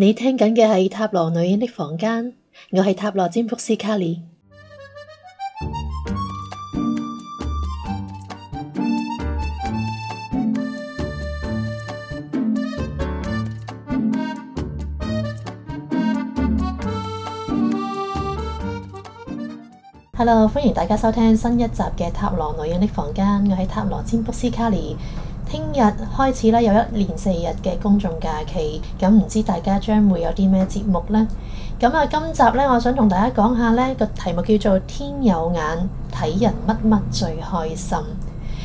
你聽緊嘅係《塔羅女人的房間》，我係塔羅占卜師卡莉。Hello，歡迎大家收聽新一集嘅《塔羅女人的房間》，我係塔羅占卜師卡莉。聽日開始咧，有一連四日嘅公眾假期，咁，唔知大家將會有啲咩節目呢？咁啊，今集咧，我想同大家講下咧，個題目叫做《天有眼，睇人乜乜最開心》。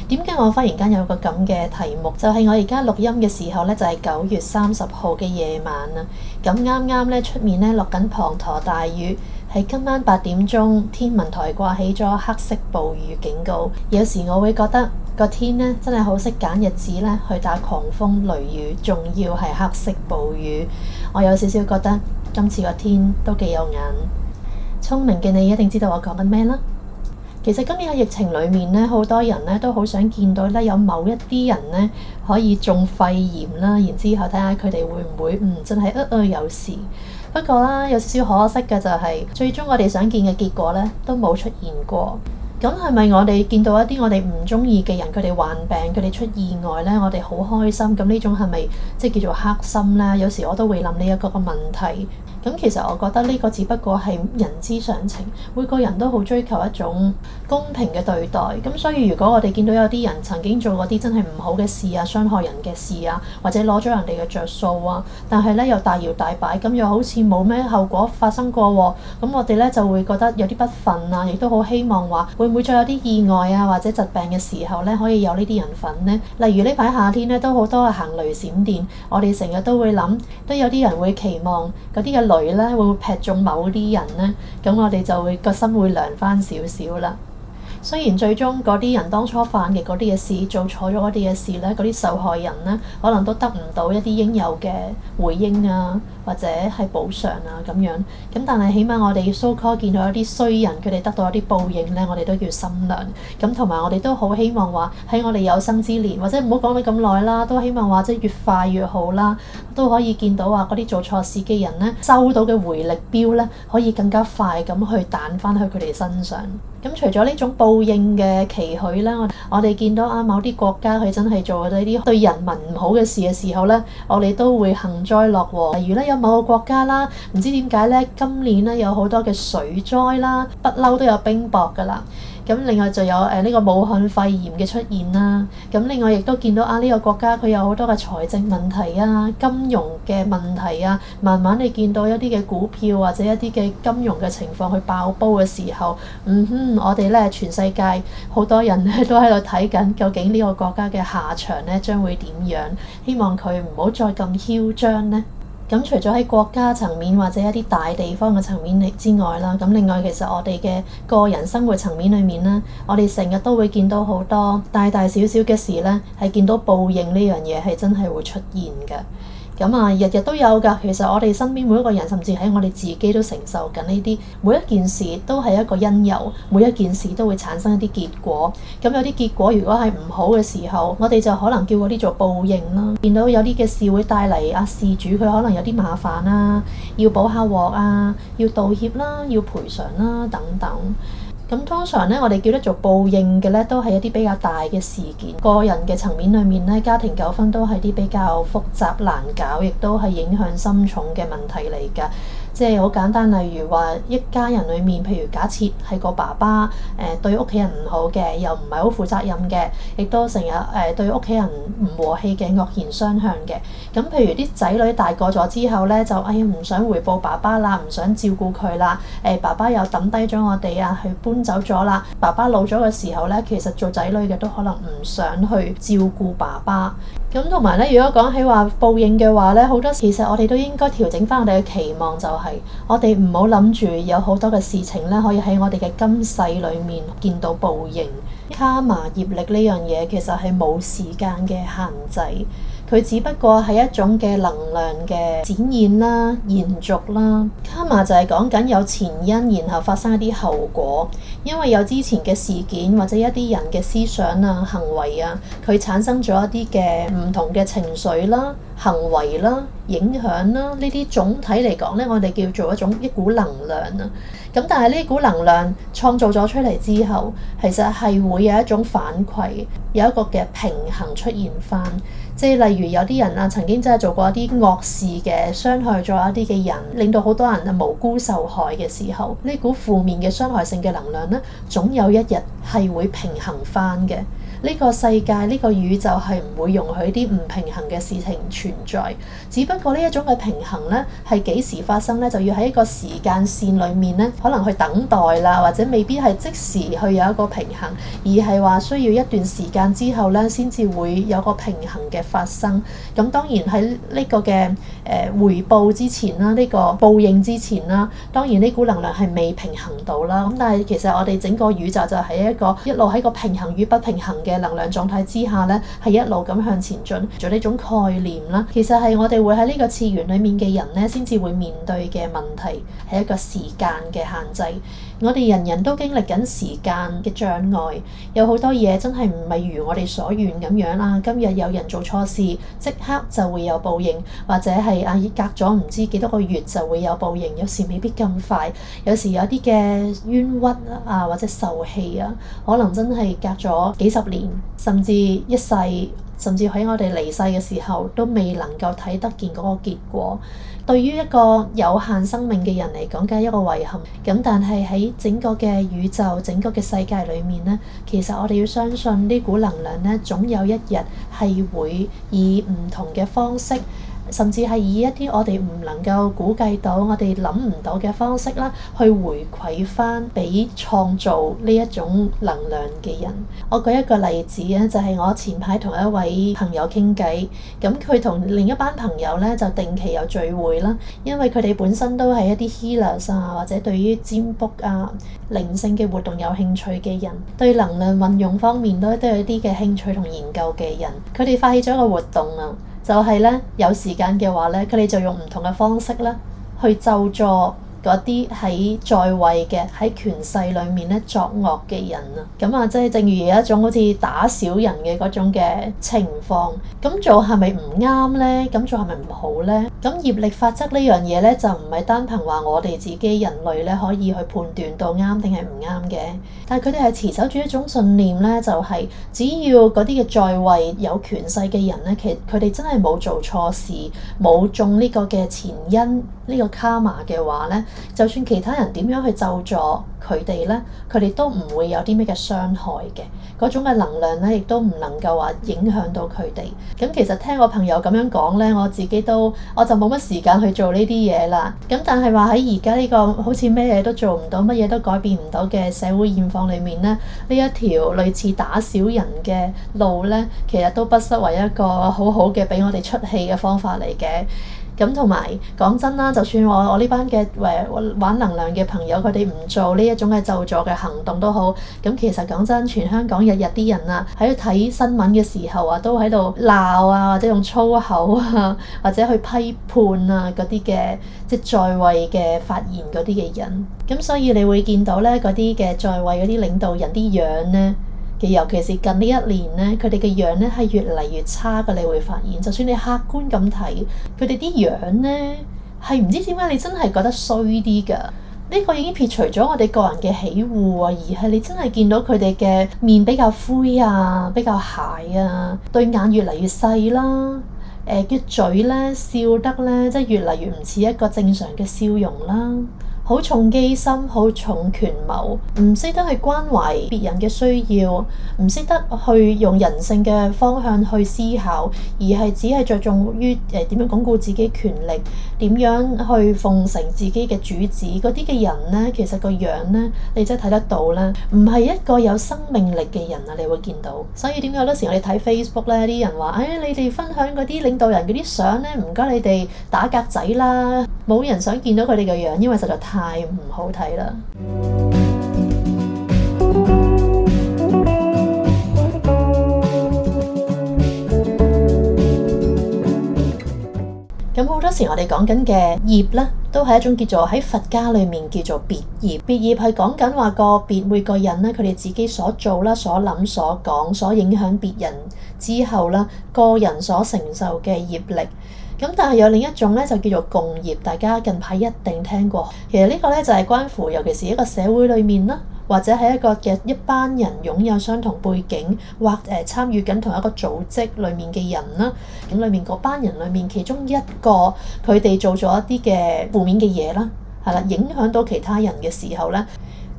點解我忽然間有個咁嘅題目？就係我而家錄音嘅時候咧，就係九月三十號嘅夜晚啦。咁啱啱咧，出面咧落緊滂沱大雨。喺今晚八點鐘，天文台掛起咗黑色暴雨警告。有時我會覺得個天呢，真係好識揀日子咧，去打狂風雷雨，仲要係黑色暴雨。我有少少覺得今次個天都幾有眼，聰明嘅你一定知道我講緊咩啦。其實今年嘅疫情裡面咧，好多人咧都好想見到咧，有某一啲人咧可以中肺炎啦，然之後睇下佢哋會唔會嗯真係呃呃有事。不過啦，有少少可惜嘅就係，最終我哋想見嘅結果咧，都冇出現過。咁係咪我哋見到一啲我哋唔中意嘅人，佢哋患病，佢哋出意外咧，我哋好開心？咁呢種係咪即係叫做黑心咧？有時我都會諗呢一個嘅問題。咁其實我覺得呢個只不過係人之常情，每個人都好追求一種公平嘅對待。咁所以如果我哋見到有啲人曾經做過啲真係唔好嘅事啊，傷害人嘅事啊，或者攞咗人哋嘅着數啊，但係呢又大搖大擺，咁又好似冇咩後果發生過喎。咁我哋呢就會覺得有啲不忿啊，亦都好希望話會唔會再有啲意外啊，或者疾病嘅時候呢可以有呢啲人份呢。例如呢排夏天呢都好多行雷閃電，我哋成日都會諗，都有啲人會期望啲嘅雷咧會，會劈中某啲人咧，咁我哋就會個心會涼翻少少啦。雖然最終嗰啲人當初犯嘅嗰啲嘅事，做錯咗嗰啲嘅事咧，嗰啲受害人咧，可能都得唔到一啲應有嘅回應啊，或者係補償啊咁樣。咁但係起碼我哋 so call 見到一啲衰人，佢哋得到一啲報應咧，我哋都叫心涼。咁同埋我哋都好希望話，喺我哋有生之年，或者唔好講你咁耐啦，都希望話即係越快越好啦，都可以見到話嗰啲做錯事嘅人咧，收到嘅回力標咧，可以更加快咁去彈翻去佢哋身上。咁除咗呢種報應嘅期許啦，我哋見到啊某啲國家佢真係做咗啲對人民唔好嘅事嘅時候呢，我哋都會幸災樂禍。例如咧，有某個國家啦，唔知點解呢，今年呢，有好多嘅水災啦，不嬲都有冰雹噶啦。咁另外就有誒呢個武漢肺炎嘅出現啦，啊，咁另外亦都見到啊呢個國家佢有好多嘅財政問題啊，金融嘅問題啊，慢慢你見到一啲嘅股票或者一啲嘅金融嘅情況去爆煲嘅時候，嗯哼，我哋咧全世界好多人咧都喺度睇緊，究竟呢個國家嘅下場咧將會點樣？希望佢唔好再咁囂張呢。咁除咗喺國家層面或者一啲大地方嘅層面嚟之外啦，咁另外其實我哋嘅個人生活層面裏面咧，我哋成日都會見到好多大大小小嘅事咧，係見到報應呢樣嘢係真係會出現嘅。咁啊，日日都有㗎。其實我哋身邊每一個人，甚至喺我哋自己都承受緊呢啲。每一件事都係一個因由，每一件事都會產生一啲結果。咁有啲結果如果係唔好嘅時候，我哋就可能叫嗰啲做報應啦。見到有啲嘅事會帶嚟啊事主，佢可能有啲麻煩啊，要補下鑊啊，要道歉啦，要賠償啦，等等。咁通常咧，我哋叫得做報應嘅咧，都係一啲比較大嘅事件。個人嘅層面裏面咧，家庭糾紛都係啲比較複雜難搞，亦都係影響深重嘅問題嚟噶。即係好簡單，例如話一家人裏面，譬如假設係個爸爸，誒、呃、對屋企人唔好嘅，又唔係好負責任嘅，亦都成日誒對屋企人唔和氣嘅，惡言相向嘅。咁譬如啲仔女大個咗之後呢，就哎呀唔想回報爸爸啦，唔想照顧佢啦。誒、呃、爸爸又抌低咗我哋啊，去搬走咗啦。爸爸老咗嘅時候呢，其實做仔女嘅都可能唔想去照顧爸爸。咁同埋咧，如果講起話報應嘅話咧，好多時其實我哋都應該調整翻我哋嘅期望，就係，就係我哋唔好諗住有好多嘅事情咧，可以喺我哋嘅今世裡面見到報應。卡瑪業力呢樣嘢其實係冇時間嘅限制。佢只不過係一種嘅能量嘅展現啦、延續啦。卡瑪就係講緊有前因，然後發生一啲後果。因為有之前嘅事件或者一啲人嘅思想啊、行為啊，佢產生咗一啲嘅唔同嘅情緒啦、行為啦、影響啦。呢啲總體嚟講呢，我哋叫做一種一股能量啊。咁但係呢股能量創造咗出嚟之後，其實係會有一種反饋，有一個嘅平衡出現返。即係例如有啲人啊，曾經真係做過一啲惡事嘅，傷害咗一啲嘅人，令到好多人啊無辜受害嘅時候，呢股負面嘅傷害性嘅能量咧，總有一日係會平衡返嘅。呢個世界、呢個宇宙係唔會容許啲唔平衡嘅事情存在。只不過呢一種嘅平衡咧，係幾時發生咧，就要喺一個時間線裏面咧，可能去等待啦，或者未必係即時去有一個平衡，而係話需要一段時間之後咧，先至會有個平衡嘅發生。咁當然喺呢個嘅誒回報之前啦，呢個報應之前啦，當然呢股能量係未平衡到啦。咁但係其實我哋整個宇宙就係一個一路喺個平衡與不平衡嘅。嘅能量狀態之下咧，係一路咁向前進。做呢種概念啦，其實係我哋會喺呢個次元裡面嘅人咧，先至會面對嘅問題係一個時間嘅限制。我哋人人都經歷緊時間嘅障礙，有好多嘢真係唔係如我哋所願咁樣啦。今日有人做錯事，即刻就會有報應，或者係啊隔咗唔知幾多個月就會有報應，有時未必咁快。有時有啲嘅冤屈啊，或者受氣啊，可能真係隔咗幾十年，甚至一世。甚至喺我哋離世嘅時候都未能夠睇得見嗰個結果，對於一個有限生命嘅人嚟講，梗係一個遺憾。咁但係喺整個嘅宇宙、整個嘅世界裏面呢，其實我哋要相信呢股能量呢，總有一日係會以唔同嘅方式。甚至係以一啲我哋唔能夠估計到、我哋諗唔到嘅方式啦，去回饋翻俾創造呢一種能量嘅人。我舉一個例子啊，就係我前排同一位朋友傾偈，咁佢同另一班朋友呢，就定期有聚會啦。因為佢哋本身都係一啲 healers 啊，或者對於占卜啊、靈性嘅活動有興趣嘅人，對能量運用方面都都有一啲嘅興趣同研究嘅人，佢哋發起咗一個活動啊。就係咧，有時間嘅話咧，佢哋就用唔同嘅方式咧，去就座。嗰啲喺在位嘅喺權勢裏面咧作惡嘅人啊，咁啊即係正如有一種好似打小人嘅嗰種嘅情況，咁做係咪唔啱呢？咁做係咪唔好呢？咁業力法則呢樣嘢呢，就唔係單憑話我哋自己人類呢可以去判斷到啱定係唔啱嘅，但係佢哋係持守住一種信念呢，就係、是、只要嗰啲嘅在位有權勢嘅人呢，其佢哋真係冇做錯事，冇中呢個嘅前因呢、這個卡瑪嘅話呢。就算其他人點樣去咒助佢哋呢，佢哋都唔會有啲咩嘅傷害嘅，嗰種嘅能量呢，亦都唔能夠話影響到佢哋。咁其實聽我朋友咁樣講呢，我自己都我就冇乜時間去做呢啲嘢啦。咁但係話喺而家呢個好似咩嘢都做唔到，乜嘢都改變唔到嘅社會現況裡面呢，呢一條類似打小人嘅路呢，其實都不失為一個好好嘅俾我哋出氣嘅方法嚟嘅。咁同埋講真啦，就算我我呢班嘅玩能量嘅朋友，佢哋唔做呢一種嘅就助嘅行動都好。咁其實講真，全香港日日啲人啊，喺度睇新聞嘅時候啊，都喺度鬧啊，或者用粗口啊，或者去批判啊嗰啲嘅即在位嘅發言嗰啲嘅人。咁所以你會見到咧嗰啲嘅在位嗰啲領導人啲樣呢。尤其是近呢一年咧，佢哋嘅樣咧係越嚟越差嘅，你會發現。就算你客觀咁睇，佢哋啲樣咧係唔知點解，你真係覺得衰啲㗎。呢、這個已經撇除咗我哋個人嘅喜惡啊，而係你真係見到佢哋嘅面比較灰啊，比較蟹啊，對眼越嚟越細啦。誒、呃、嘅嘴咧笑得咧，真係越嚟越唔似一個正常嘅笑容啦。好重機心，好重權謀，唔識得去關懷別人嘅需要，唔識得去用人性嘅方向去思考，而係只係着重於誒點樣鞏固自己權力，點樣去奉承自己嘅主子。嗰啲嘅人呢，其實個樣呢，你真係睇得到啦，唔係一個有生命力嘅人啊，你會見到。所以點解有時我哋睇 Facebook 呢？啲人話：誒、哎、你哋分享嗰啲領導人嗰啲相呢，唔該你哋打格仔啦，冇人想見到佢哋嘅樣，因為實在太～太唔好睇啦！咁好多時我哋講緊嘅業咧，都係一種叫做喺佛家裏面叫做別業。別業係講緊話個別每個人咧，佢哋自己所做啦、所諗、所講、所影響別人之後啦，個人所承受嘅業力。咁但係有另一種咧，就叫做共業，大家近排一定聽過。其實呢個咧就係關乎，尤其是一個社會裡面啦，或者係一個嘅一班人擁有相同背景或誒參與緊同一個組織裡面嘅人啦。咁裡面嗰班人裡面，其中一個佢哋做咗一啲嘅負面嘅嘢啦，係啦，影響到其他人嘅時候咧。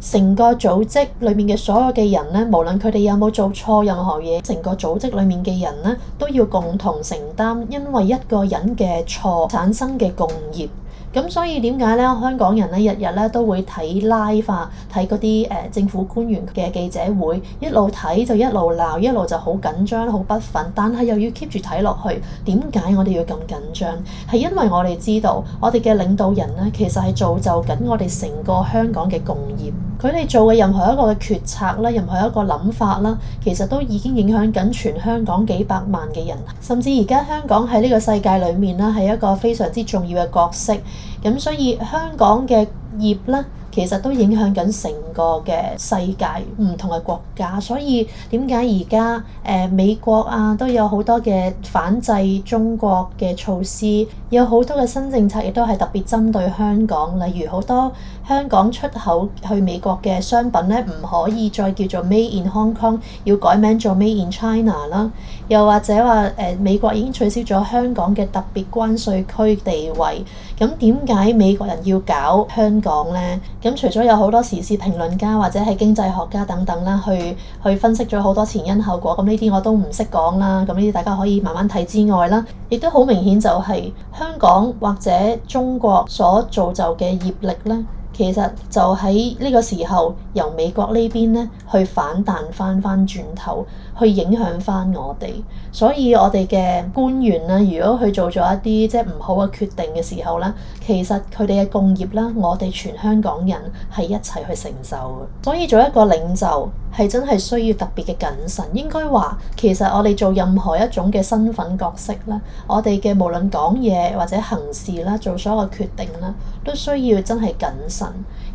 成個組織裏面嘅所有嘅人呢，無論佢哋有冇做錯任何嘢，成個組織裏面嘅人呢，都要共同承擔，因為一個人嘅錯產生嘅共業。咁所以點解咧？香港人咧日日咧都會睇拉化睇嗰啲誒政府官員嘅記者會，一路睇就一路鬧，一路就好緊張、好不忿，但係又要 keep 住睇落去。點解我哋要咁緊張？係因為我哋知道我哋嘅領導人咧，其實係造就緊我哋成個香港嘅共業。佢哋做嘅任何一個嘅決策啦，任何一個諗法啦，其實都已經影響緊全香港幾百萬嘅人。甚至而家香港喺呢個世界裡面咧，係一個非常之重要嘅角色。咁所以香港嘅業咧，其實都影響緊成個嘅世界，唔同嘅國家。所以點解而家誒美國啊都有好多嘅反制中國嘅措施，有好多嘅新政策亦都係特別針對香港。例如好多香港出口去美國嘅商品咧，唔可以再叫做 Made in Hong Kong，要改名做 Made in China 啦。又或者話誒、呃、美國已經取消咗香港嘅特別關稅區地位。咁點解美國人要搞香港呢？咁除咗有好多時事評論家或者係經濟學家等等啦，去去分析咗好多前因後果，咁呢啲我都唔識講啦，咁呢啲大家可以慢慢睇之外啦，亦都好明顯就係香港或者中國所造就嘅業力啦。其實就喺呢個時候，由美國呢邊咧去反彈翻翻轉頭，去影響翻我哋。所以我哋嘅官員啦，如果去做咗一啲即係唔好嘅決定嘅時候咧，其實佢哋嘅共業啦，我哋全香港人係一齊去承受嘅。所以做一個領袖，係真係需要特別嘅謹慎，應該話其實我哋做任何一種嘅身份角色咧，我哋嘅無論講嘢或者行事啦，做所有嘅決定啦，都需要真係謹慎。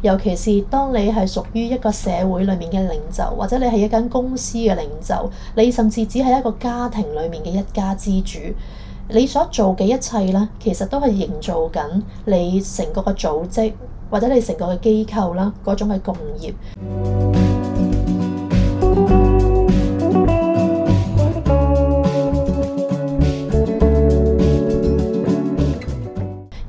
尤其是當你係屬於一個社會裡面嘅領袖，或者你係一間公司嘅領袖，你甚至只係一個家庭裡面嘅一家之主，你所做嘅一切咧，其實都係營造緊你成個嘅組織或者你成個嘅機構啦嗰種嘅共業。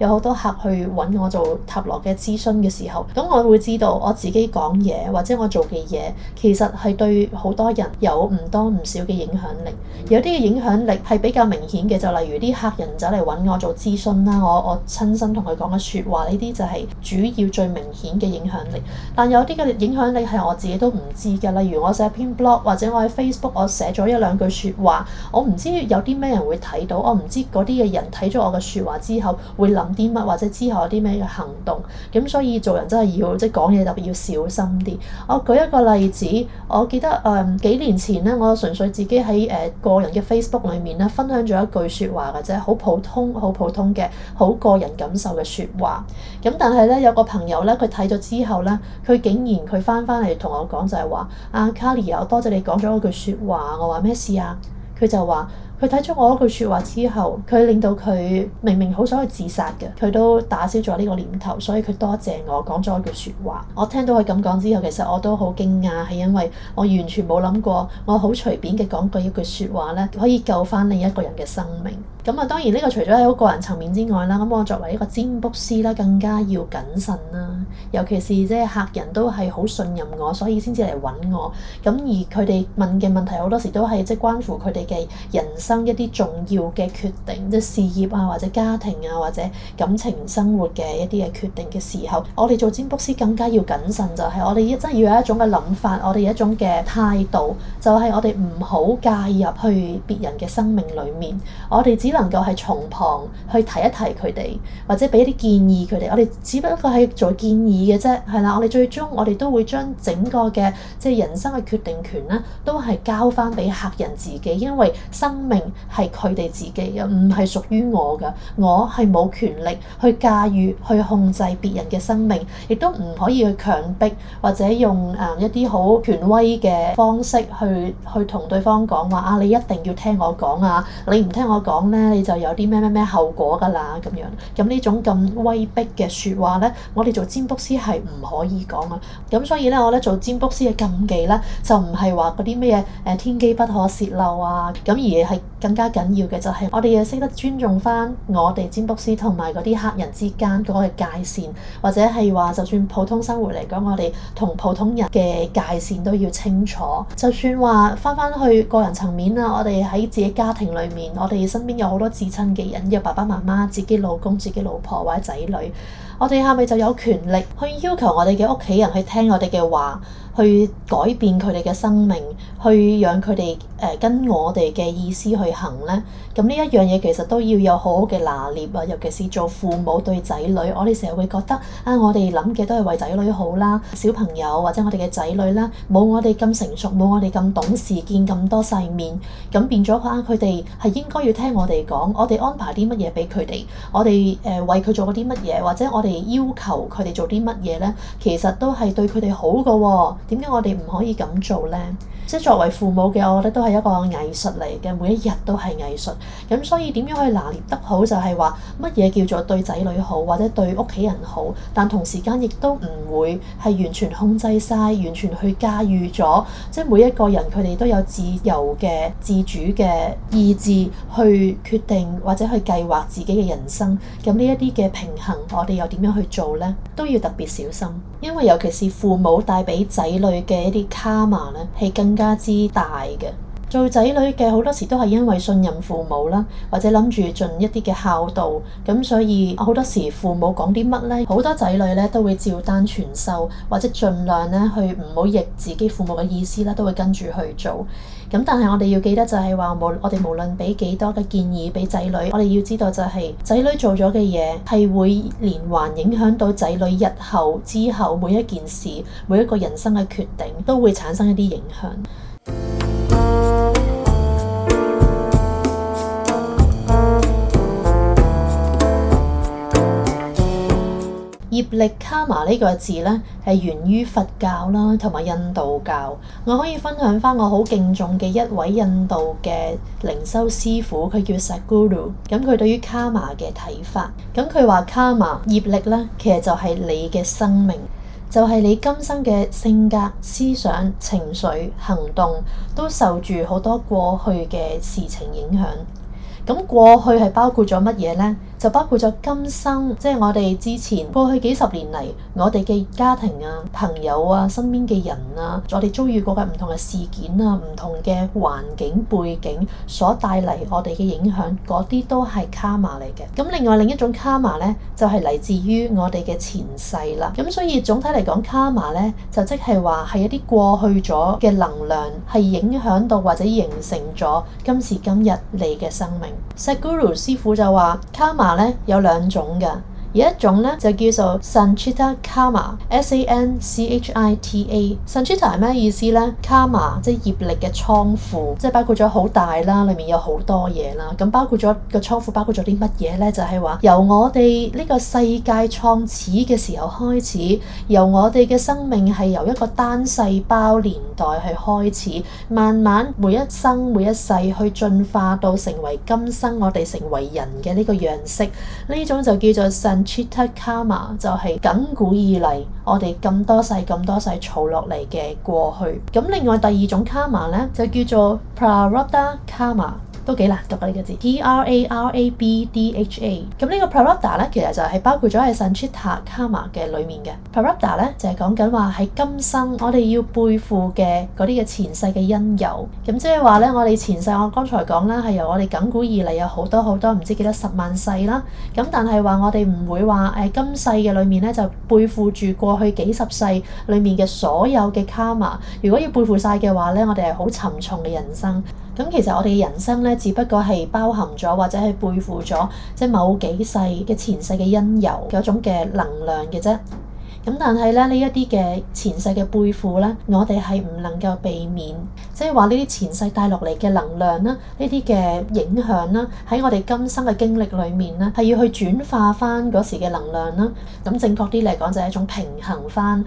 有好多客去揾我做塔羅嘅諮詢嘅時候，咁我會知道我自己講嘢或者我做嘅嘢，其實係對好多人有唔多唔少嘅影響力。有啲嘅影響力係比較明顯嘅，就例如啲客人走嚟揾我做諮詢啦，我我親身同佢講嘅説話，呢啲就係主要最明顯嘅影響力。但有啲嘅影響力係我自己都唔知嘅，例如我寫篇 blog 或者我喺 Facebook 我寫咗一兩句説話，我唔知有啲咩人會睇到，我唔知嗰啲嘅人睇咗我嘅説話之後會諗啲乜或者之後有啲咩嘅行動，咁所以做人真係要即係、就是、講嘢特別要小心啲。我舉一個例子，我記得誒、嗯、幾年前呢，我純粹自己喺誒、呃、個人嘅 Facebook 裏面咧，分享咗一句説話或者好普通、好普通嘅好個人感受嘅説話。咁但係呢，有個朋友呢，佢睇咗之後呢，佢竟然佢翻翻嚟同我講就係、是、話：阿、啊、Carrie，我多謝，謝你講咗我句説話，我話咩事啊？佢就話。佢睇咗我一句説話之後，佢令到佢明明好想去自殺嘅，佢都打消咗呢個念頭，所以佢多謝我講咗一句説話。我聽到佢咁講之後，其實我都好驚訝，係因為我完全冇諗過，我好隨便嘅講句一句説話咧，可以救翻另一個人嘅生命。咁啊，當然呢個除咗喺個人層面之外啦，咁我作為一個占卜師啦，更加要謹慎啦。尤其是即係客人都係好信任我，所以先至嚟揾我。咁而佢哋問嘅問題好多時都係即係關乎佢哋嘅人生。生一啲重要嘅決定，即係事業啊，或者家庭啊，或者感情生活嘅一啲嘅決定嘅時候，我哋做占卜師更加要謹慎，就是，就係我哋真係要有一種嘅諗法，我哋有一種嘅態度，就係，是，我哋唔好介入去別人嘅生命裏面，我哋只能夠係從旁去提一提佢哋，或者俾一啲建議佢哋。我哋只不過係做建議嘅啫，係啦，我哋最終我哋都會將整個嘅即係人生嘅決定權咧，都係交翻俾客人自己，因為生命。係佢哋自己嘅，唔係屬於我嘅。我係冇權力去駕馭、去控制別人嘅生命，亦都唔可以去強迫，或者用一啲好權威嘅方式去去同對方講話啊！你一定要聽我講啊！你唔聽我講呢，你就有啲咩咩咩後果㗎啦咁樣。咁呢種咁威逼嘅説話呢，我哋做占卜師係唔可以講啊。咁所以呢，我呢做占卜師嘅禁忌呢，就唔係話嗰啲咩天機不可洩漏啊，咁而係～更加緊要嘅就係，我哋要識得尊重翻我哋占卜師同埋嗰啲客人之間嗰個界線，或者係話，就算普通生活嚟講，我哋同普通人嘅界線都要清楚。就算話翻翻去個人層面啦，我哋喺自己家庭裏面，我哋身邊有好多至親嘅人，有爸爸媽媽、自己老公、自己老婆或者仔女。我哋係咪就有權力去要求我哋嘅屋企人去聽我哋嘅話，去改變佢哋嘅生命，去讓佢哋跟我哋嘅意思去行呢？咁呢一樣嘢其實都要有好好嘅拿捏啊，尤其是做父母對仔女，我哋成日會覺得啊，我哋諗嘅都係為仔女好啦。小朋友或者我哋嘅仔女啦，冇我哋咁成熟，冇我哋咁懂事，見咁多世面，咁變咗佢佢哋係應該要聽我哋講，我哋安排啲乜嘢俾佢哋，我哋誒為佢做過啲乜嘢，或者我哋要求佢哋做啲乜嘢咧，其實都係對佢哋好㗎喎。點解我哋唔可以咁做咧？即係作為父母嘅，我覺得都係一個藝術嚟嘅，每一日都係藝術。咁所以點樣去拿捏得好，就係話乜嘢叫做對仔女好或者對屋企人好，但同時間亦都唔會係完全控制晒，完全去駕馭咗，即係每一個人佢哋都有自由嘅，自主嘅意志去決定或者去計劃自己嘅人生。咁呢一啲嘅平衡，我哋又點樣去做呢？都要特別小心，因為尤其是父母帶俾仔女嘅一啲 karma 呢，係更加之大嘅。做仔女嘅好多時都係因為信任父母啦，或者諗住盡一啲嘅孝道，咁所以好多時父母講啲乜呢？好多仔女呢都會照單全收，或者儘量呢去唔好逆自己父母嘅意思啦，都會跟住去做。咁但係我哋要記得就係話，無我哋無論俾幾多嘅建議俾仔女，我哋要知道就係、是、仔女做咗嘅嘢係會連環影響到仔女日後之後每一件事、每一個人生嘅決定都會產生一啲影響。力卡瑪呢個字呢，係源於佛教啦，同埋印度教。我可以分享翻我好敬重嘅一位印度嘅靈修師傅，佢叫 Saguru。咁佢對於卡瑪嘅睇法，咁佢話卡瑪業力呢，其實就係你嘅生命，就係你今生嘅性格、思想、情緒、行動，都受住好多過去嘅事情影響。咁過去係包括咗乜嘢呢？就包括咗今生，即係我哋之前過去幾十年嚟，我哋嘅家庭啊、朋友啊、身邊嘅人啊，我哋遭遇過嘅唔同嘅事件啊、唔同嘅環境背景所帶嚟我哋嘅影響，嗰啲都係卡瑪嚟嘅。咁另外另一種卡瑪咧，就係嚟自於我哋嘅前世啦。咁所以總體嚟講，卡瑪咧就即係話係一啲過去咗嘅能量，係影響到或者形成咗今時今日你嘅生命。石 guru 師傅就話卡瑪呢有兩種嘅。有一種咧就叫做 Santrita 神智塔 m a,、n c h I t、a s a n c h i t a 神智塔係咩意思咧？卡瑪即係業力嘅倉庫，即、就、係、是、包括咗好大啦，裏面有好多嘢啦。咁包括咗、這個倉庫，包括咗啲乜嘢呢？就係、是、話由我哋呢個世界創始嘅時候開始，由我哋嘅生命係由一個單細胞年代去開始，慢慢每一生每一世去進化到成為今生我哋成為人嘅呢個樣式。呢種就叫做神。Chitta Karma 就係亙古以嚟，我哋咁多世咁多世儲落嚟嘅過去。咁另外第二種 Karma 呢，就叫做 Prarabdha Karma。都幾難讀啊，呢個字，P R A R A B D H A。咁呢個 Prarabdha 咧，其實就係包括咗喺 Sanchita karma 嘅裏面嘅 Prarabdha 咧，就係講緊話喺今生我哋要背負嘅嗰啲嘅前世嘅因由。咁即係話咧，我哋前世我剛才講啦，係由我哋亙古以嚟有好多好多唔知幾多十萬世啦。咁但係話我哋唔會話誒今世嘅裏面咧就背負住過去幾十世裏面嘅所有嘅 karma。如果要背負晒嘅話咧，我哋係好沉重嘅人生。咁其實我哋嘅人生咧，只不過係包含咗或者係背負咗，即係某幾世嘅前世嘅因由嗰種嘅能量嘅啫。咁但係咧，呢一啲嘅前世嘅背負呢，我哋係唔能夠避免，即係話呢啲前世帶落嚟嘅能量啦，呢啲嘅影響啦，喺我哋今生嘅經歷裏面呢，係要去轉化翻嗰時嘅能量啦。咁正確啲嚟講，就係一種平衡翻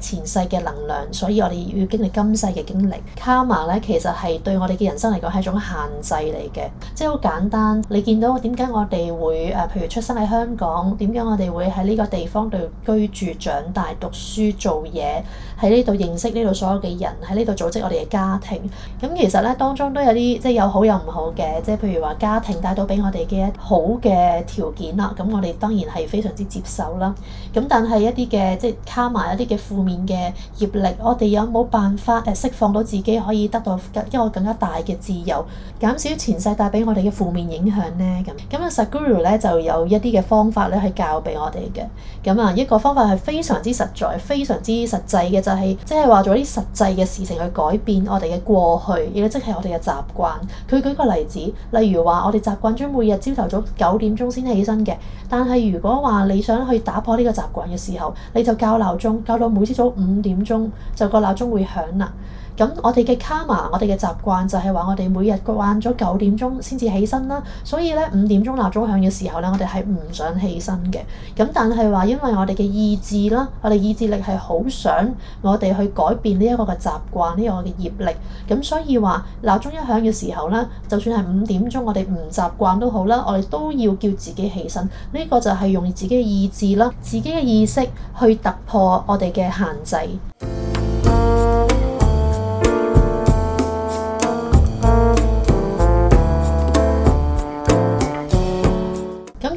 誒前世嘅能量。所以我哋要經歷今世嘅經歷。Karma 咧，其實係對我哋嘅人生嚟講係一種限制嚟嘅，即係好簡單。你見到點解我哋會誒，譬如出生喺香港，點解我哋會喺呢個地方度居住著？很大，讀書做嘢。喺呢度認識呢度所有嘅人，喺呢度組織我哋嘅家庭。咁其實咧，當中都有啲即係有好有唔好嘅。即係譬如話，家庭帶到俾我哋嘅好嘅條件啦，咁我哋當然係非常之接受啦。咁但係一啲嘅即係卡埋一啲嘅負面嘅業力，我哋有冇辦法誒釋放到自己，可以得到一個更加大嘅自由，減少前世帶俾我哋嘅負面影響呢？咁咁阿 Saguru 咧就有一啲嘅方法咧去教俾我哋嘅。咁啊，一個方法係非常之實在、非常之實際嘅就係即係話做啲實際嘅事情去改變我哋嘅過去，亦即係我哋嘅習慣。佢舉個例子，例如話我哋習慣將每日朝頭早九點鐘先起身嘅，但係如果話你想去打破呢個習慣嘅時候，你就校鬧鐘校到每天早五點鐘就個鬧鐘會響啦。咁我哋嘅卡嘛，我哋嘅習慣就係話我哋每日慣咗九點鐘先至起身啦，所以咧五點鐘鬧鐘響嘅時候咧，我哋係唔想起身嘅。咁但係話因為我哋嘅意志啦，我哋意志力係好想我哋去改變呢一個嘅習慣，呢個嘅業力。咁所以話鬧鐘一響嘅時候咧，就算係五點鐘我哋唔習慣都好啦，我哋都要叫自己起身。呢個就係用自己嘅意志啦，自己嘅意識去突破我哋嘅限制。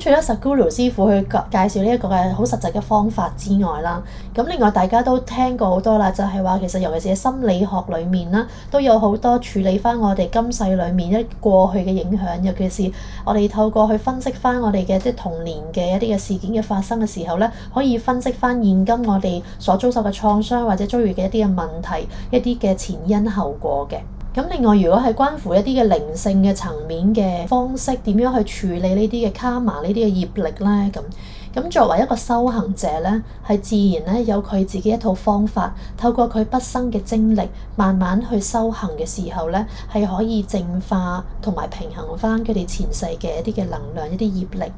除咗 Sakulo 師傅去介介紹呢一個嘅好實際嘅方法之外啦，咁另外大家都聽過好多啦，就係話其實尤其是喺心理學裏面啦，都有好多處理返我哋今世裏面一過去嘅影響，尤其是我哋透過去分析返我哋嘅即係童年嘅一啲嘅事件嘅發生嘅時候咧，可以分析返現今我哋所遭受嘅創傷或者遭遇嘅一啲嘅問題，一啲嘅前因後果嘅。咁另外，如果係關乎一啲嘅靈性嘅層面嘅方式，點樣去處理呢啲嘅卡瑪呢啲嘅業力咧？咁咁作為一個修行者咧，係自然咧有佢自己一套方法，透過佢畢生嘅精力，慢慢去修行嘅時候咧，係可以淨化同埋平衡返佢哋前世嘅一啲嘅能量、一啲業力。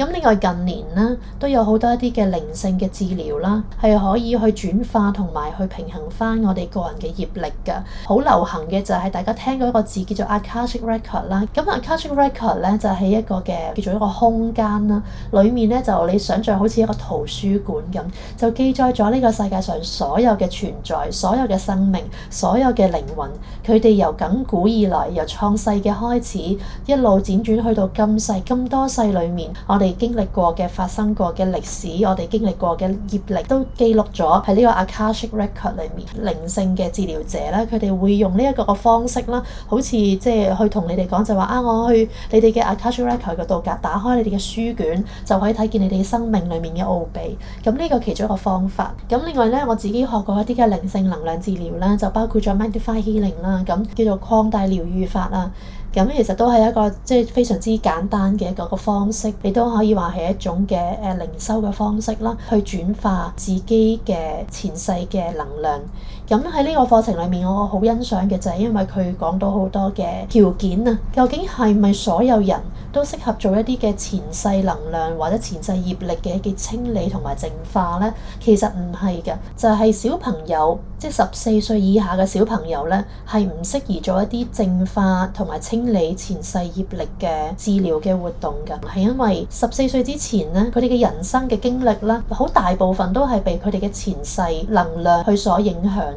咁另外近年啦都有好多一啲嘅靈性嘅治療啦，係可以去轉化同埋去平衡翻我哋個人嘅業力㗎。好流行嘅就係大家聽過一個字叫做 Akashic Record 啦。咁 Akashic Record 咧就係、是、一個嘅叫做一個空間啦，裏面咧就你想象好似一個圖書館咁，就記載咗呢個世界上所有嘅存在、所有嘅生命、所有嘅靈魂，佢哋由亙古以來由創世嘅開始，一路輾轉，轉去到今世咁多世裏面，我哋。經歷過嘅發生過嘅歷史，我哋經歷過嘅業力都記錄咗喺呢個 Akashic Record 裏面。靈性嘅治療者咧，佢哋會用呢一個嘅方式啦，好似即係去同你哋講就話啊，我去你哋嘅 Akashic Record 度架，打開你哋嘅書卷，就可以睇見你哋生命裏面嘅奧秘。咁、這、呢個其中一個方法。咁另外呢，我自己學過一啲嘅靈性能量治療啦，就包括咗 Magnify Healing 啦，咁叫做擴大療癒法啊。咁其實都係一個非常之簡單嘅一個方式，你都可以話係一種嘅靈修嘅方式啦，去轉化自己嘅前世嘅能量。咁喺呢個課程裏面，我好欣賞嘅就係因為佢講到好多嘅條件啊，究竟係咪所有人都適合做一啲嘅前世能量或者前世業力嘅嘅清理同埋淨化呢？其實唔係嘅，就係小朋友即係十四歲以下嘅小朋友呢，係唔適宜做一啲淨化同埋清理前世業力嘅治療嘅活動㗎，係因為十四歲之前呢，佢哋嘅人生嘅經歷啦，好大部分都係被佢哋嘅前世能量去所影響。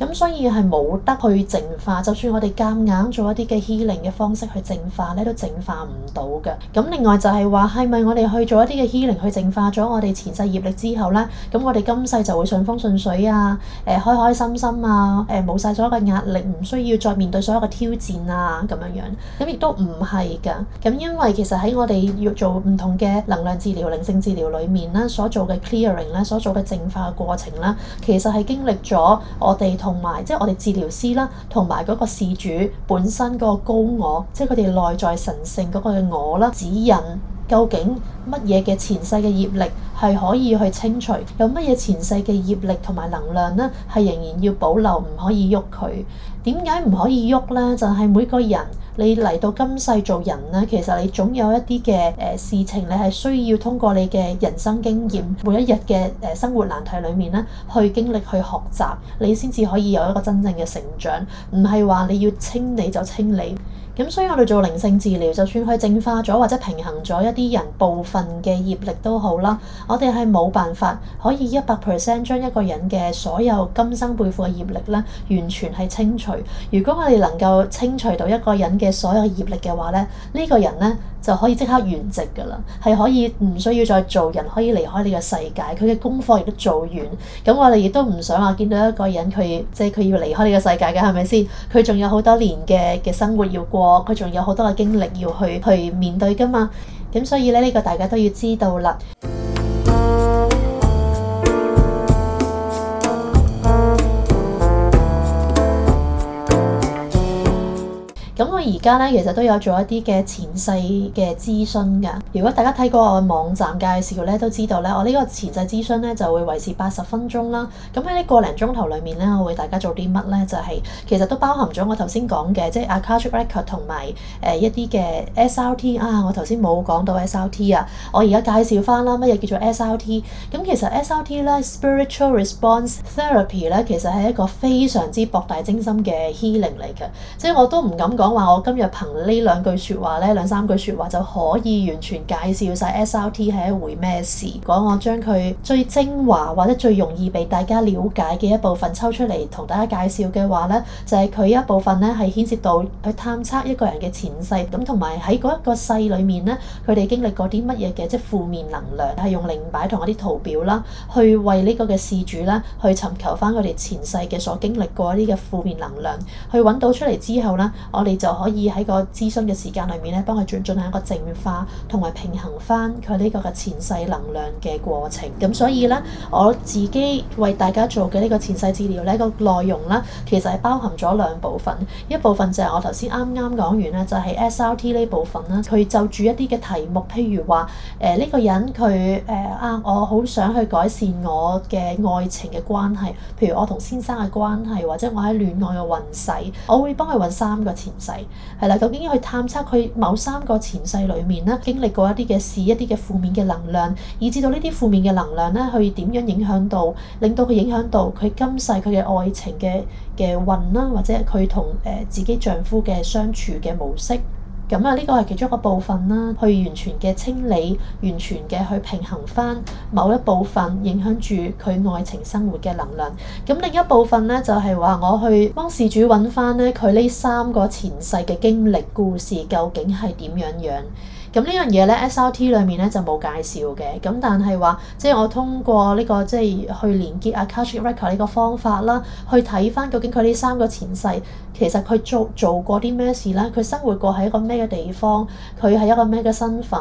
咁所以係冇得去淨化，就算我哋夾硬做一啲嘅 healing 嘅方式去淨化咧，都淨化唔到嘅。咁另外就係話係咪我哋去做一啲嘅 healing 去淨化咗我哋前世業力之後咧，咁我哋今世就會順風順水啊，誒、呃、開開心心啊，誒冇晒所有嘅壓力，唔需要再面對所有嘅挑戰啊咁樣樣，咁亦都唔係㗎。咁因為其實喺我哋要做唔同嘅能量治療靈性治療裏面咧，所做嘅 clearing 咧，所做嘅淨化過程啦，其實係經歷咗我哋同同埋即係我哋治療師啦，同埋嗰個事主本身嗰個高我，即係佢哋內在神聖嗰個嘅我啦，指引究竟乜嘢嘅前世嘅業力係可以去清除，有乜嘢前世嘅業力同埋能量咧，係仍然要保留，唔可以喐佢。點解唔可以喐咧？就係、是、每個人。你嚟到今世做人呢，其實你總有一啲嘅誒事情，你係需要通過你嘅人生經驗，每一日嘅誒生活難題裏面呢，去經歷去學習，你先至可以有一個真正嘅成長，唔係話你要清理就清理。咁所以我哋做靈性治療，就算佢淨化咗或者平衡咗一啲人部分嘅業力都好啦，我哋係冇辦法可以一百 percent 將一個人嘅所有今生背負嘅業力咧，完全係清除。如果我哋能夠清除到一個人嘅所有業力嘅話咧，呢個人咧就可以即刻圓寂㗎啦，係可以唔需要再做人，可以離開呢個世界，佢嘅功課亦都做完。咁我哋亦都唔想話見到一個人佢即係佢要離開呢個世界嘅係咪先？佢仲有好多年嘅嘅生活要過。佢仲有好多嘅經歷要去去面對噶嘛，咁所以咧呢個大家都要知道啦。咁我而家咧，其實都有做一啲嘅前世嘅諮詢㗎。如果大家睇過我嘅網站介紹咧，都知道咧，我呢個前世諮詢咧就會維持八十分鐘啦。咁喺呢個零鐘頭裏面咧，我會大家做啲乜咧？就係，其實都包含咗我頭先講嘅，即係 Archetypal 同埋誒一啲嘅 SRT 啊。我頭先冇講到 SRT 啊，我而家介紹翻啦，乜嘢叫做 SRT？咁其實 SRT 咧，Spiritual Response Therapy 咧，其實係一個非常之博大精深嘅 healing 嚟嘅，即係我都唔敢講。講我，我今日憑呢兩句說話咧，兩三句說話就可以完全介紹晒 SRT 係一回咩事。如果我將佢最精華或者最容易被大家了解嘅一部分抽出嚟同大家介紹嘅話呢就係、是、佢一部分呢係牽涉到去探測一個人嘅前世咁，同埋喺嗰一個世裏面呢佢哋經歷過啲乜嘢嘅即係負面能量，係用靈擺同一啲圖表啦，去為個呢個嘅事主啦，去尋求翻佢哋前世嘅所經歷過一啲嘅負面能量，去揾到出嚟之後呢我哋。就可以喺個諮詢嘅時間裏面咧，幫佢進進行一個淨化同埋平衡翻佢呢個嘅前世能量嘅過程。咁所以呢，我自己為大家做嘅呢個前世治療呢、這個內容呢，其實係包含咗兩部分。一部分就係我頭先啱啱講完啦，就係、是、S R T 呢部分啦。佢就住一啲嘅題目，譬如話誒呢個人佢誒啊，我好想去改善我嘅愛情嘅關係，譬如我同先生嘅關係，或者我喺戀愛嘅運勢，我會幫佢揾三個前世。係啦，究竟要去探測佢某三個前世裡面咧，經歷過一啲嘅事，一啲嘅負面嘅能量，以至到呢啲負面嘅能量咧，去點樣影響到，令到佢影響到佢今世佢嘅愛情嘅嘅運啦，或者佢同誒自己丈夫嘅相處嘅模式。咁啊，呢個係其中一個部分啦，去完全嘅清理，完全嘅去平衡翻某一部分影響住佢愛情生活嘅能量。咁另一部分呢，就係話我去幫事主揾翻呢佢呢三個前世嘅經歷故事，究竟係點樣樣？咁呢樣嘢咧，SRT 裏面咧就冇介紹嘅。咁但係話，即係我通過呢、這個即係、就是、去連結 Akashic Record 呢個方法啦，去睇翻究竟佢呢三個前世，其實佢做做過啲咩事咧？佢生活過喺一個咩嘅地方？佢係一個咩嘅身份？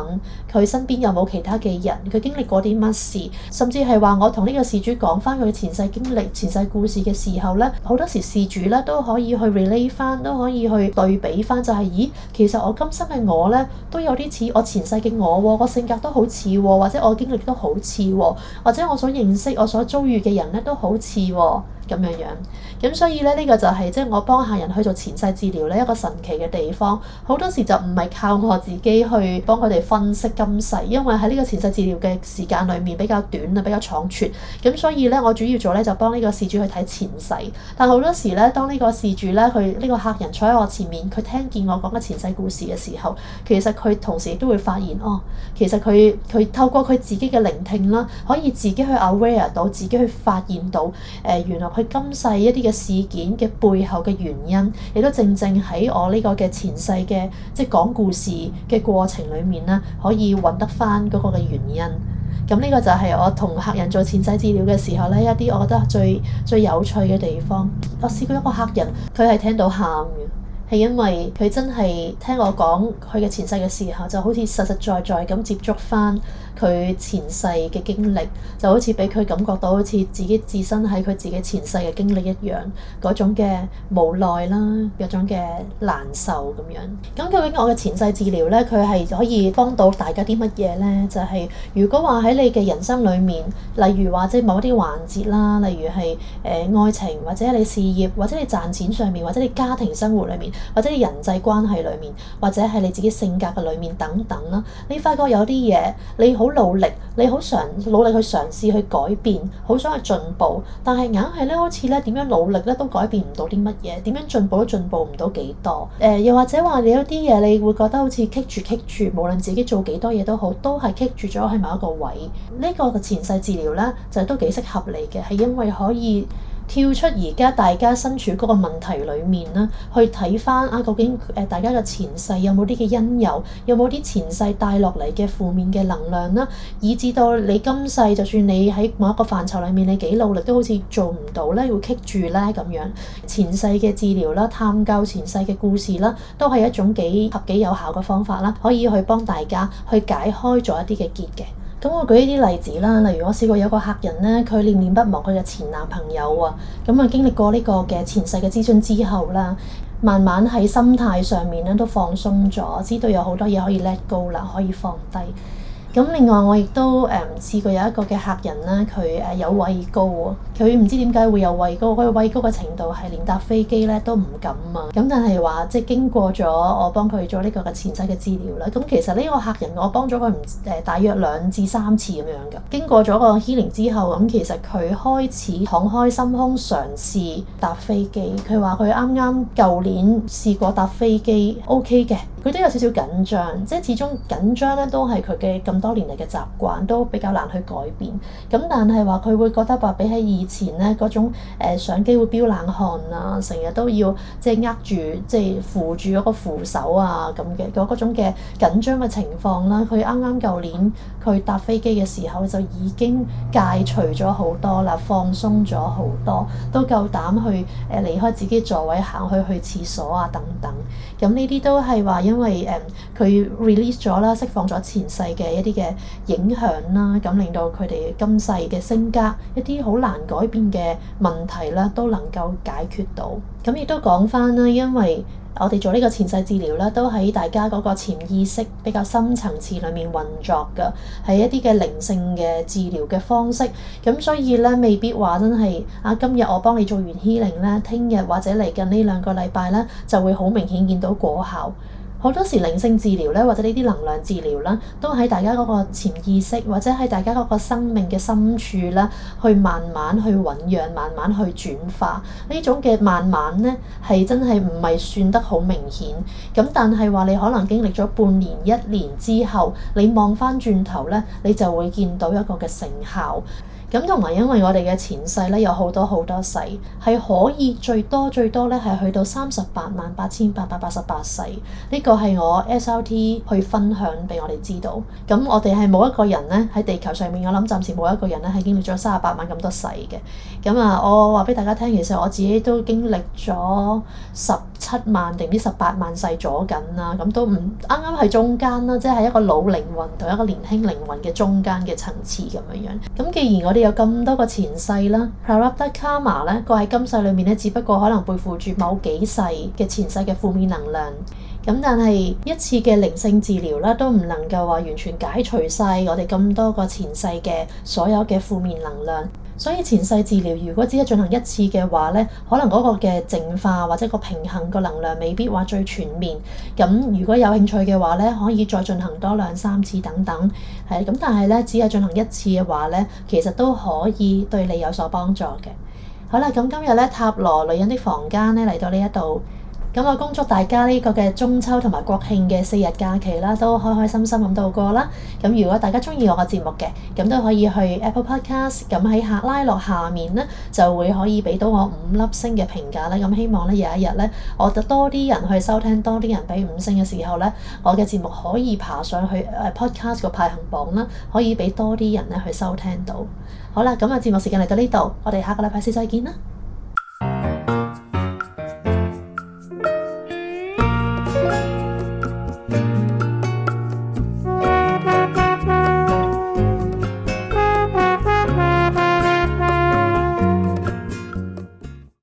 佢身邊有冇其他嘅人？佢經歷過啲乜事？甚至係話，我同呢個事主講翻佢前世經歷、前世故事嘅時候咧，好多時事主咧都可以去 relive 翻，都可以去對比翻，就係、是、咦，其實我今生嘅我咧都有啲。似我前世嘅我，我性格都好似，或者我經歷都好似，或者我所認識，我所遭遇嘅人咧，都好似咁樣樣。咁所以咧，呢個就係即係我幫客人去做前世治療咧，一個神奇嘅地方。好多時就唔係靠我自己去幫佢哋分析今世，因為喺呢個前世治療嘅時間裏面比較短啊，比較倉促。咁所以咧，我主要做咧就幫呢個事主去睇前世。但好多時咧，當呢個事主咧，佢呢個客人坐喺我前面，佢聽見我講嘅前世故事嘅時候，其實佢同時都會發現哦，其實佢佢透過佢自己嘅聆聽啦，可以自己去 aware 到，自己去發現到，誒原來佢今世一啲嘅。事件嘅背後嘅原因，亦都正正喺我呢個嘅前世嘅，即係講故事嘅過程裏面咧，可以揾得翻嗰個嘅原因。咁呢個就係我同客人做前世治療嘅時候，呢一啲我覺得最最有趣嘅地方。我試過一個客人，佢係聽到喊嘅。係因為佢真係聽我講佢嘅前世嘅時候，就好似實實在在咁接觸返佢前世嘅經歷，就好似俾佢感覺到好似自己置身喺佢自己前世嘅經歷一樣，嗰種嘅無奈啦，嗰種嘅難受咁樣。咁究竟我嘅前世治療呢？佢係可以幫到大家啲乜嘢呢？就係、是、如果話喺你嘅人生裡面，例如話即係某一啲環節啦，例如係誒愛情或者你事業或者你賺錢上面或者你家庭生活裡面，或者你人際關係裏面，或者係你自己性格嘅裏面等等啦，你發覺有啲嘢你好努力，你好想努力去嘗試去改變，好想去進步，但係硬係咧，好似咧點樣努力咧都改變唔到啲乜嘢，點樣進步都進步唔到幾多。誒、呃，又或者話你有啲嘢，你會覺得好似棘住棘住，無論自己做幾多嘢都好，都係棘住咗喺某一個位。呢個嘅前世治療咧就都幾適合你嘅，係因為可以。跳出而家大家身處嗰個問題裡面啦，去睇翻啊，究竟誒大家嘅前世有冇啲嘅因由，有冇啲前世帶落嚟嘅負面嘅能量啦，以至到你今世就算你喺某一個範疇裡面你幾努力都好似做唔到咧，會棘住咧咁樣。前世嘅治療啦，探究前世嘅故事啦，都係一種幾合幾有效嘅方法啦，可以去幫大家去解開咗一啲嘅結嘅。咁我舉呢啲例子啦，例如我試過有個客人咧，佢念念不忘佢嘅前男朋友啊，咁、嗯、啊經歷過呢個嘅前世嘅諮詢之後啦，慢慢喺心態上面咧都放鬆咗，知道有好多嘢可以 let go 啦，可以放低。咁另外我亦都誒，試過有一個嘅客人咧，佢，誒，有畏高喎，佢唔知點解會有畏高，個畏高嘅程度係連搭飛機咧都唔敢啊！咁但係話即係經過咗我幫佢做呢個嘅前世嘅資料啦，咁其實呢個客人我幫咗佢，唔，誒，大約兩至三次咁樣噶，經過咗個 healing 之後，咁其實佢開始敞開心胸嘗試搭飛機，佢話佢啱啱舊年試過搭飛機 o k 嘅，佢、OK、都有少少緊張，即係始終緊張咧都係佢嘅咁多。多年嚟嘅習慣都比較難去改變，咁但係話佢會覺得話比起以前咧嗰種誒、呃、上機會飆冷汗啊，成日都要即係握住即係扶住嗰個扶手啊咁嘅嗰種嘅緊張嘅情況啦。佢啱啱舊年佢搭飛機嘅時候就已經戒除咗好多啦，放鬆咗好多，都夠膽去誒離、呃、開自己座位行去去廁所啊等等。咁呢啲都係話因為誒佢 release 咗啦，釋、呃、放咗前世嘅一啲。嘅影響啦，咁令到佢哋今世嘅性格，一啲好難改變嘅問題啦，都能夠解決到。咁亦都講翻啦，因為我哋做呢個前世治療啦，都喺大家嗰個潛意識比較深層次裡面運作噶，係一啲嘅靈性嘅治療嘅方式。咁所以咧，未必話真係啊，今日我幫你做完 healing 咧，聽日或者嚟緊呢兩個禮拜咧，就會好明顯見到果效。好多時靈性治療呢，或者呢啲能量治療呢，都喺大家嗰個潛意識，或者喺大家嗰個生命嘅深處啦，去慢慢去醞釀，慢慢去轉化。呢種嘅慢慢呢，係真係唔係算得好明顯。咁但係話你可能經歷咗半年、一年之後，你望翻轉頭呢，你就會見到一個嘅成效。咁同埋因為我哋嘅前世咧有好多好多世，係可以最多最多咧係去到三十八萬八千八百八十八世，呢個係我 SRT 去分享俾我哋知道。咁我哋係冇一個人咧喺地球上面，我諗暫時冇一個人咧係經歷咗三十八萬咁多世嘅。咁啊，我話俾大家聽，其實我自己都經歷咗十七萬定唔知十八萬世咗緊啦，咁都唔啱啱係中間啦，即係一個老靈魂同一個年輕靈魂嘅中間嘅層次咁樣樣。咁既然我哋有咁多個前世啦，Prarabdha Karma 咧，佢喺今世裏面咧，只不過可能背負住某幾世嘅前世嘅負面能量。咁但係一次嘅靈性治療啦，都唔能夠話完全解除晒我哋咁多個前世嘅所有嘅負面能量。所以前世治療，如果只係進行一次嘅話咧，可能嗰個嘅淨化或者個平衡個能量未必話最全面。咁如果有興趣嘅話咧，可以再進行多兩三次等等。係咁，但係咧只係進行一次嘅話咧，其實都可以對你有所幫助嘅。好啦，咁今日咧塔羅女人的房間咧嚟到呢一度。咁我恭祝大家呢個嘅中秋同埋國慶嘅四日假期啦，都開開心心咁度過啦。咁如果大家中意我嘅節目嘅，咁都可以去 Apple Podcast，咁喺下拉落下面呢，就會可以俾到我五粒星嘅評價啦。咁希望呢有一日呢，我就多啲人去收聽，多啲人俾五星嘅時候呢，我嘅節目可以爬上去 Podcast 個排行榜啦，可以俾多啲人呢去收聽到。好啦，咁啊節目時間嚟到呢度，我哋下個禮拜四再見啦。